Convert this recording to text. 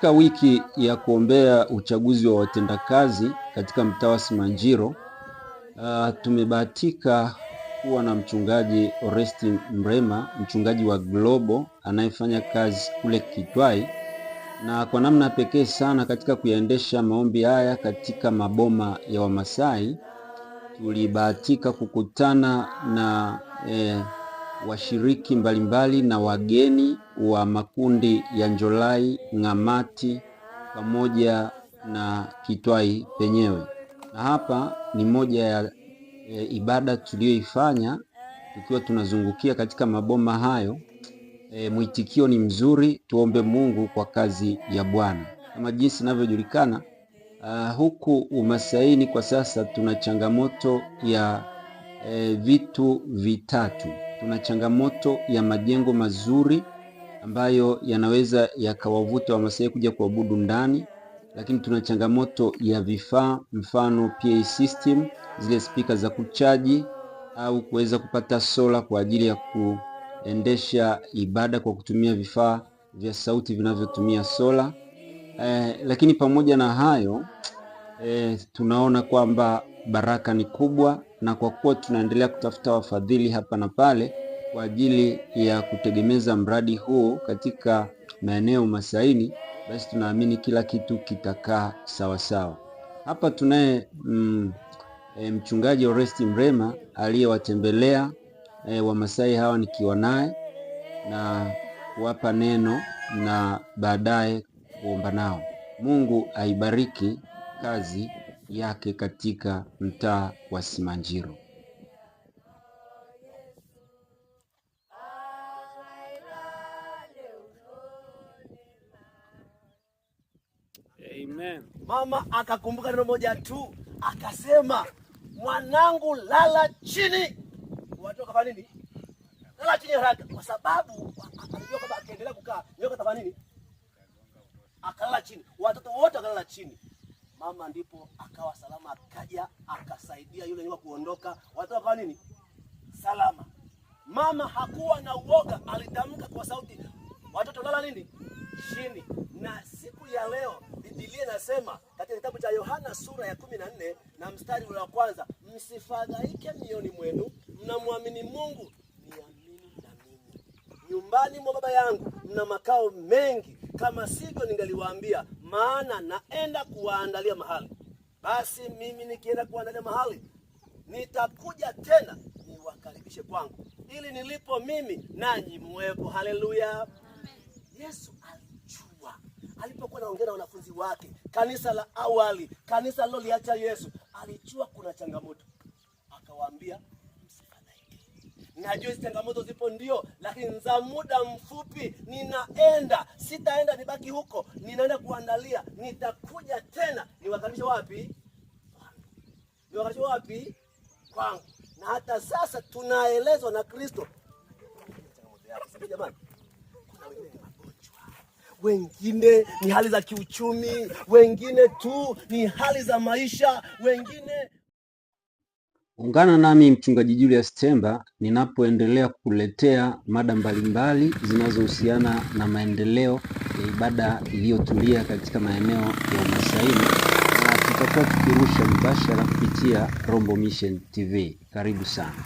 Katika wiki ya kuombea uchaguzi wa watendakazi katika mtaa wa Simanjiro, uh, tumebahatika kuwa na mchungaji Oresti Mrema, mchungaji wa Global anayefanya kazi kule Kitwai, na kwa namna pekee sana katika kuyaendesha maombi haya katika maboma ya Wamasai tulibahatika kukutana na eh, washiriki mbalimbali na wageni wa makundi ya Njolai, Ng'amati pamoja na Kitwai penyewe. Na hapa ni moja ya e, ibada tuliyoifanya tukiwa tunazungukia katika maboma hayo. E, mwitikio ni mzuri. Tuombe Mungu kwa kazi ya Bwana. Kama jinsi inavyojulikana, uh, huku umasaini kwa sasa tuna changamoto ya e, vitu vitatu tuna changamoto ya majengo mazuri ambayo yanaweza yakawavuta Wamasai kuja kuabudu ndani, lakini tuna changamoto ya vifaa, mfano PA system, zile spika za kuchaji au kuweza kupata sola kwa ajili ya kuendesha ibada kwa kutumia vifaa vya sauti vinavyotumia sola. Eh, lakini pamoja na hayo eh, tunaona kwamba baraka ni kubwa na kwa kuwa tunaendelea kutafuta wafadhili hapa na pale kwa ajili ya kutegemeza mradi huu katika maeneo masaini, basi tunaamini kila kitu kitakaa sawasawa. Hapa tunaye mm, e, mchungaji Oresti Mrema aliyewatembelea e, Wamasai hawa nikiwa naye na kuwapa neno na baadaye kuomba nao. Mungu aibariki kazi yake katika mtaa wa Simanjiro. Amen. Mama akakumbuka neno moja tu, akasema mwanangu, lala chini. Watu wakafanya nini? Lala chini haraka, kwa sababu akajua kwamba akiendelea kukaa nyoka atafanya nini? Akalala chini, watoto wote wakalala chini mama ndipo akawa salama, akaja akasaidia yule nyuma kuondoka, watu wakawa nini salama. Mama hakuwa na uoga, alitamka kwa sauti, watoto lala nini chini. Na siku ya leo Biblia inasema katika kitabu cha Yohana sura ya kumi na nne na mstari wa kwanza, msifadhaike mioni mwenu, mnamwamini Mungu, niamini na mimi. Nyumbani mwa Baba yangu mna makao mengi kama sivyo, ningaliwaambia, maana naenda kuwaandalia mahali. Basi mimi nikienda kuwaandalia mahali, nitakuja tena niwakaribishe kwangu, ili nilipo mimi nanyi muwepo. Haleluya! Yesu alijua alipokuwa naongea na wanafunzi wake, kanisa la awali, kanisa liloliacha Yesu, alijua kuna changamoto, akawaambia Najua hizi changamoto zipo ndio, lakini za muda mfupi. Ninaenda, sitaenda nibaki huko, ninaenda kuandalia, nitakuja tena niwakaribisha wapi? Niwakaribisha wapi? Kwangu. Na hata sasa tunaelezwa na Kristo jamani wengine ni hali za kiuchumi, wengine tu ni hali za maisha, wengine Ungana nami mchungaji Julius Temba ninapoendelea kukuletea mada mbalimbali zinazohusiana na maendeleo ya ibada iliyotulia katika maeneo ya umasaini, na tutakuwa tukirusha mbashara kupitia Rombo Mission TV. Karibu sana.